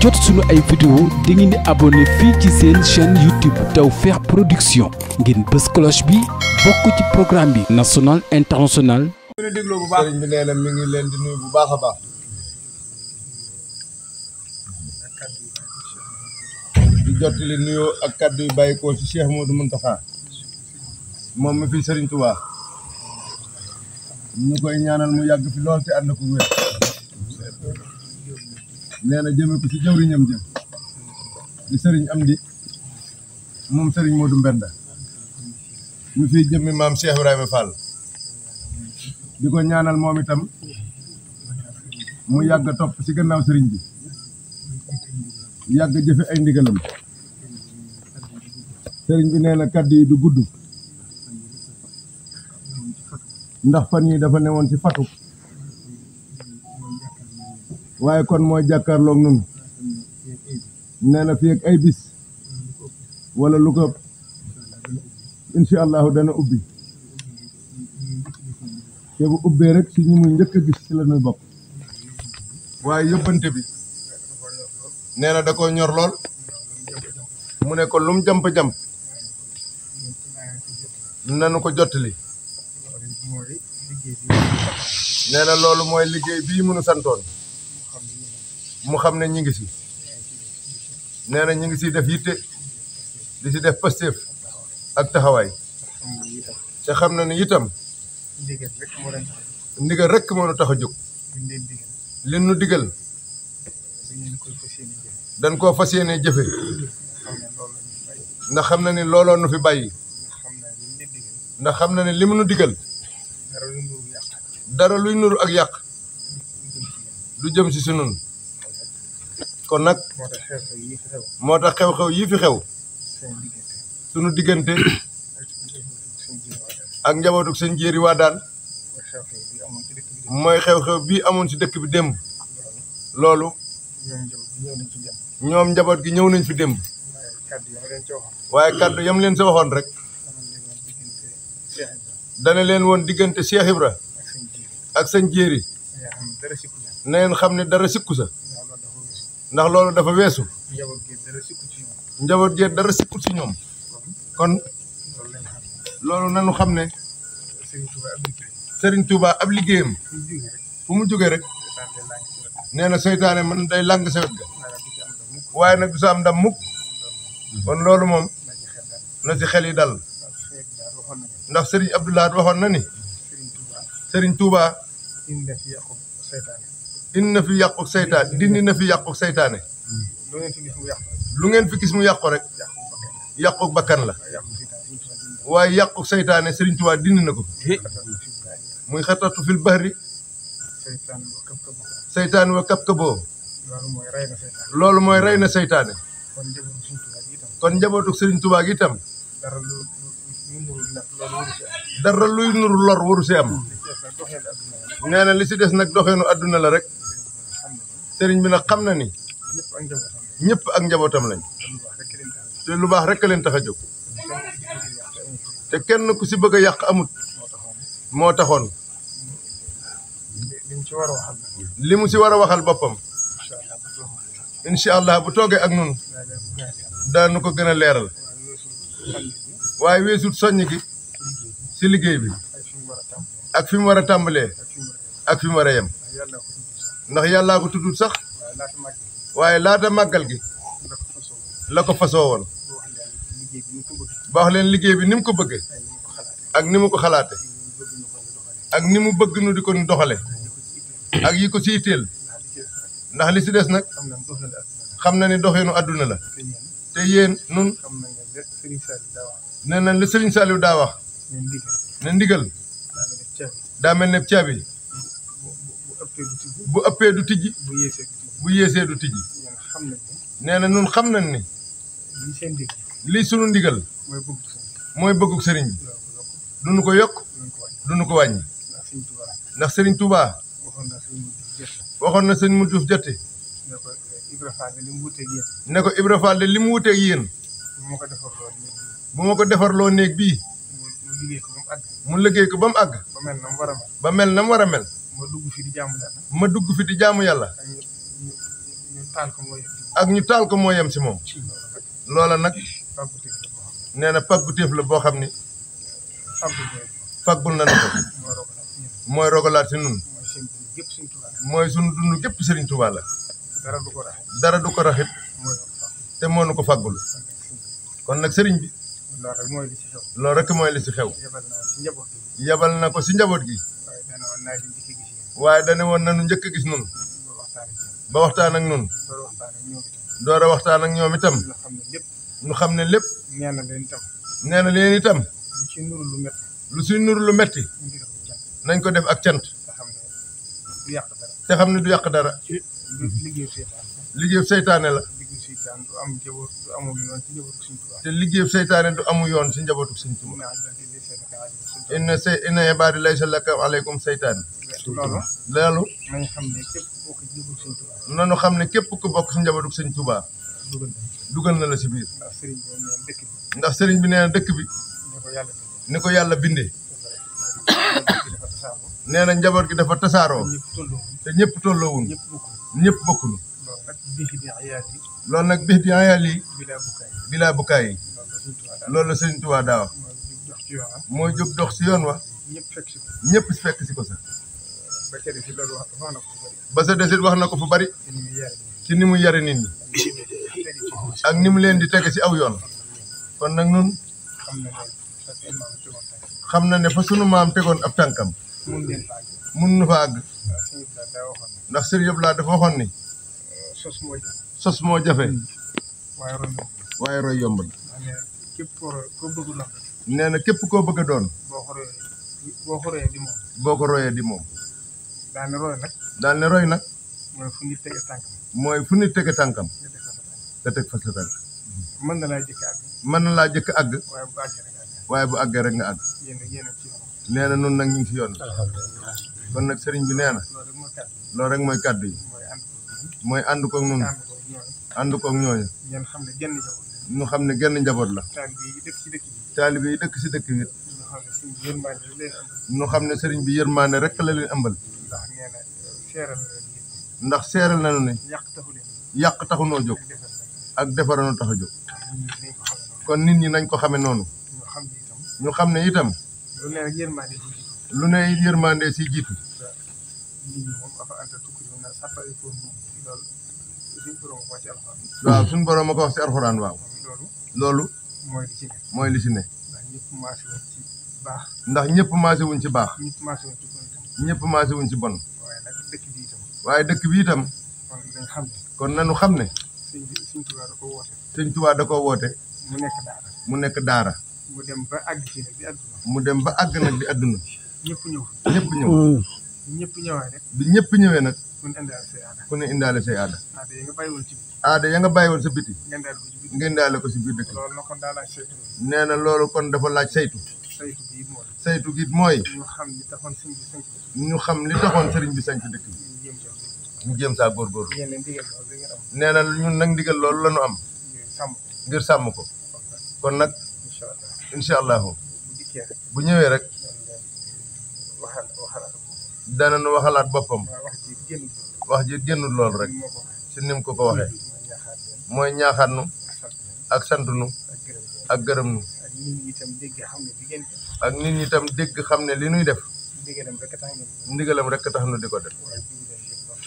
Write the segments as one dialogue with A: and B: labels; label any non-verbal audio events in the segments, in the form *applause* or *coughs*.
A: jot suñu ay vidéo da ngeen di abonné fii ci seen chaîne YouTube Tawfekh Production ngir bës cloche bi bokk ci programme bi national international
B: ñu dégloo bu baax sëriñ bi nee na mi ngi leen di nuyu bu baax a baax di jottali nuyoo ak kàddu yu bàyyikoo ci Cheikh Modou Mountakha moom mi fi sëriñ Touba ñu koy ñaanal mu yàgg fi lool te ànd ko wér nee na jëme ko ci jëwriñam jëm di sëriñ Amdi moom sëriñ Modou Mbenda ñu fiy jëmmi maam Cheikh Ibrahima Fall di ko ñaanal moom itam mu yàgg a topp ci gannaaw sëriñ bi yàgg jëfe ay ndigalam sëriñ bi nee na du gudd ndax fan yi dafa newoon ci Fatou waaye kon mooy jàkkaarloog nun nee na fii ay bis wala lu ko incha allahu dana ubbi te bu ubbee rek ci ñi mu njëkk a gis ci la ñuy bokk waaye yóbbante bi neena na da ñor lool mu ne ko lum jamp-jamp nanu ko jottali nee na loolu mooy liggéey bii mënu santoon mu xam ne ñu ngi si nee na ñu ngi siy def yitte di si def pasteef ak taxawaay te xam na ni itam
A: ndigal rek moo leen tax
B: ndigal rek moo tax a jóg li nu digal dañ koo fas yéene jëfe ndax xam na ni looloon nu fi bàyyi ndax xam na ni li mu nu digal dara luy nuru ak yàq lu jëm si si kon nag
A: moo tax xew-xew
B: yii fi xew sunu diggante *coughs* ak njabootuk seen jéeri waa daal mooy xew-xew bii amoon ci dëkk bi démb loolu ñoom njaboot gi ñëw nañ fi démb waaye kàddu yam leen si waxoon rek dana leen woon diggante Cheikh Ibra ak seen jéeri na ngeen xam ne dara sikku sa ndax loolu dafa weesu.
A: njaboot gi dara
B: sikku ci si ñoom. kon loolu nañu xam ne. sëriñ Touba ab liggéeyam. fu mu jógee rek. nee na seytaane man day lang sa waaye nag du sa am ndam kon loolu moom. na ci xel yi dal. ndax Serigne Abdoulaye waxoon na ni. Serigne Touba.
A: Serigne Touba.
B: dindi na fi yàqu seytaane dindi na fi yàqu seytaane. lu ngeen fi gis mu yàqu rek. yàqu bakkan la. waaye yàqu seytaane Serigne Touba dindi na ko. muy xatatu fil bahri. seytaane wa kap kaboo. loolu mooy rey na seytaane. kon njabootu Serigne Touba gi itam. dara luy nuru lor waru si am. nee li si des nag doxeenu àdduna la rek. sëriñ bi nag xam na ni ñépp ak njabootam lañ te lu baax rek leen tax a jóg te kenn ku si bëgg a yàq amut moo taxoon li mu si war a waxal boppam incha allah bu toogee ak nun daanu ko gën a leeral waaye weesut soññ gi si liggéey bi ak fi war a tàmbalee ak fi war a yem ndax yàllaa ko tuddul sax waaye laata màggal gi la ko fasoo woon ba wax leen liggéey bi ni mu ko bëggee ak ni mu ko xalaate ak ni mu bëgg nu di ko doxale ak yi ko siiteel ndax li si des nag xam na ne doxeenu àdduna la te yéen nun nee na li Sëriñ Saliou daa wax ne ndigal daa mel ne caabi bu ëppee du tijji. bu yéesee du tijji. bu yéesee du tijji. nee na ñun xam nañ ni. lii seen ndigal. lii sunu ndigal. mooy bëgg mooy bëggug sëriñ bi. duñu ko yokk. duñu ko wàññi. ndax sëriñ Touba. waxoon na sëñ mu
A: wuteeg yéen.
B: ne ko Ibra Fall de li mu wuteeg yéen. bu ma ko defarloo néeg bii. mu liggéey ko ba mu àgg.
A: ba mel na mu war a mel.
B: ba mel na mu a mel.
A: ma dugg fi di jaamu yàlla.
B: ma dugg fi di jaamu yàlla. ak ñu taal ko moo yem si moom. loola nag. nee na pàgguteef la boo xam ni. faggul na ne ko. mooy rogalaat si nun mooy sunu dund gépp Serigne Touba la.
A: dara du ko raxit.
B: dara ko raxit. te moo nu ko faggul. kon nag Serigne bi. lool rek mooy li ci xew. loolu rek mooy li ci xew. yabal na si na ko si njaboot gi. waaye dana woon naa leen njëkk a gis. waaye ba waxtaan ak ñun. door a waxtaan ak ñoom itam. ñu xam ne lépp. nee na leen itam. nee na leen itam. lu ci nuru lu métti. lu lu métti. nañ ko def ak cant. te xam ne du yàq dara. liggéeyu seytaane la.
A: seytaan du am njaboot du amul yoon si njabootu Sëñ
B: Tuubaa. te liggéey seytaane du amul yoon si njabootu Sëñ Tuubaa. inna say inna ibaadi laysa laka aleykum seytaan. loolu. loolu. nañu xam ne képp ku bokk si njabootu Sëñ Tuubaa. nañu xam ne képp ku bokk si njabootu Sëñ Tuubaa. dugal na la si biir. ndax sëriñ bi nee na dëkk bi. ndax sëriñ bi nee na dëkk bi. ni ko yàlla bindee. nee na njaboot gi dafa tasaaroo. te ñëpp tolloowuñ. ñëpp bokkuñu. ñëpp bokkuñu. loolu nag bix di ayali bilaa bukaay yi loolu la sëñ Tuubaa daa wax moo jóg si yoon wa ñëpp si fekk si ko sax ba sa wax na ko fu bari ci ni mu yare nit ñi ni mu leen di teg ci aw yoon kon nag nun xam na ne fa sunu maam tegoon ab tànkam mun nu fa àgg ndax sëriñ Abdoulaye dafa waxoon ni sos mooy sos moo jafe. Hmm. waaye roy yomb.
A: waaye képp koo bëgg doon.
B: nee na képp koo bëgg a doon. boo ko royee boo ko royee di moom. daal ne roy nag. daal roy nag. mooy fu nit tege tànkam. mooy fu nit tege tànkam. nga teg fa sa tànk. mën na laa jëkk àgg. mën na laa jëkk àgg. waaye bu àggee rek bu àggee rek nga àgg.
A: yéen a ci yoon.
B: nee noonu nag ñu ngi ci yoon. kon nag sëriñ bi nee na. loolu rek mooy kàddu yi. mooy ànd koog noonu. ànd koog ñooñu. ngeen xam ne genn njaboot la. ñu
A: xam ne genn njaboot la.
B: taalibe yi dëkk ci dëkk bi. yi
A: dëkk ci dëkk bi.
B: xam ne sëriñ bi yërmaane rek la leen ëmbal. ndax nee na seeral na yàq taxu yàq taxu noo jóg. ak nit ñi nañ ko xamee noonu. ñu itam. lu ne yërmande si si jiitu. waaw suñu borom ma ko wax ci alxuraan waaw. loolu. mooy li ci ne.
A: li ci ne.
B: ndax ñëpp maase wuñ ci baax. ñëpp maase wuñ ci wuñ ci bon. waaye
A: dëkk bi itam.
B: waaye dëkk bi itam. kon nañu xam ne.
A: sëñ Tuubaa da koo woote.
B: sëñ koo woote. mu nekk daara. mu nekk daara.
A: mu dem ba àgg nag di àdduna.
B: mu dem ba àgg nag di àdduna. ñëpp ñëw. Mm. bi ñëpp ñëwee nag. ku ne indaale say aada. aada ya nga bàyyiwoon ci biti. aada ya nga bàyyiwoon sa biti. ngeen daal ko ci biir ko ci biir dëkk. loolu kon daa laaj nee na loolu kon dafa laaj saytu. saytu gi mooy. saytu mooy. ñu xam li taxoon sëriñ bi sanc dëkk bi. ñu xam li taxoon sëriñ bi sanc dëkk bi. ñu jéem saa góorgóorlu. nee na ñun nag ndigal loolu la ñu am. ngir sàmm ko. kon nag. incha allahu bu ñëwee rek. danañ waxalaat boppam wax ji génnul lool rek si nim ko ko waxee mooy ñaaxaat ak sant nu ak gërëm nu ak nit ñi tam dégg xam ne li nuy def ndigalam rek tax nu di ko def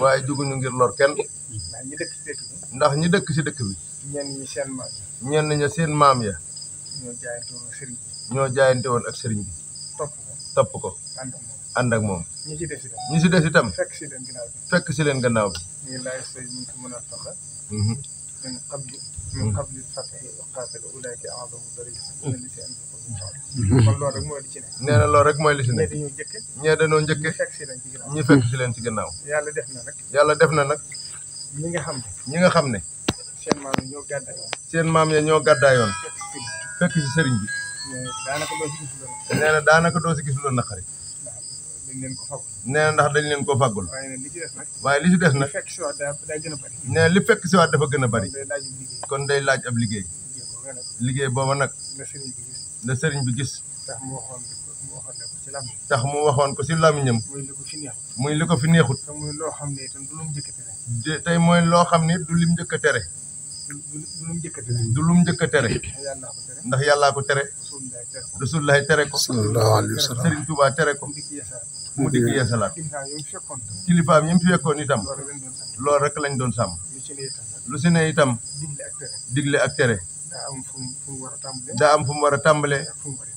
B: waaye juguñu ngir lor kenn ndax ñi dëkk si dëkk bi ñenn ña seen maam ya ñoo jaayante woon ak sëriñ bi ko ànd ak moom.
A: ñi ci def itam ñi ci des itam.
B: fekk si leen gannaaw bi fekk si leen gannaaw bi.
A: ñu laaj sa ñu ngi ko mën a taxa.
B: rek mooy ci nee na lool rek mooy li ci ne. ñee dañoo njëkk. ñee dañoo ñi fekk si leen ci si leen ci gannaaw. yàlla def na nag. yàlla def na nag. ñi nga xam ne. ñi nga xam ne.
A: seen maam ya ñoo gàddaayoon.
B: seen maam ya ñoo gàddaayoon. fekk si sëriñ bi. nee na daanaka doo si gis na naqari dañ ko fagul. nee na ndax dañ leen ko fagul.
A: waaye nag li ci des nag. waaye li des nag. fekk si waat daa gën a bari.
B: nee na li fekk si waat dafa gën a bari. kon day laaj ab liggéey.
A: liggéey booba nag. la sëriñ bi gis.
B: la sëriñ bi gis.
A: tax mu waxoon ko si làmmiñam. tax mu waxoon ko ci
B: muy li ko fi neexut.
A: muy li te muy loo xam ne itam du lum njëkk a
B: tere. tey mooy loo xam ne du li njëkk a tere. du du lum njëkk a tere. a ndax yàllaa ko tere. Rasulullaay tere ko. sallallahu alayhi wa sallam Sëriñ Tuubaa tere ko. mu dikk yeesalaat kilifaam yi mu fi fekkoon itam loolu rek lañ doon sàmm lu si ne itam digle ak tere
A: daa am fu war a tàmbalee daa am fu mu
B: war a tàmbalee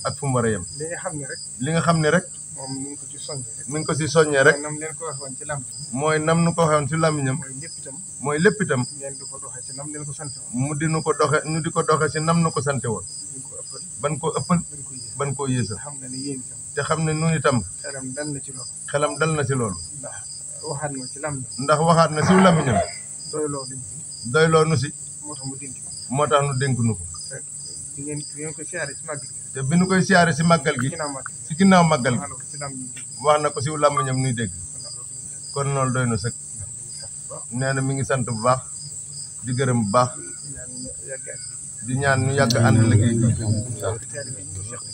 B: ak fu mu war a yem li nga xam ne li nga xam ne rek moom ni ko ci soññee rek ni ko si soññee rek nam leen
A: ko waxoon ci làmb
B: mooy nam nu ko waxoon ci làmmiñam mooy lépp itam mooy lépp itam ngeen di ko doxee ci nam leen ko sante mu di nu ko doxe ñu di ko doxee ci nam nu ko sante woon ban ko ëppal ban ko yéesal xam na ne te xam ne nun itam. xelam na ci loolu. xelam dal na ci loolu. ndax waxaat na ci lam ndax waxaat na si lamiñam.
A: doyloo duñ si.
B: doyloo nu si. moo tax mu moo tax nu dénk nu ko. te ngeen te bi ñu koy siyaare si màggal gi. si ginnaaw màggal gi. wax na ko si lamiñam nuy dégg. kon loolu doy na sëkk. nee na mi ngi sant bu baax. di gërëm bu baax. di ñaan ñu yàgg ànd liggéey bi.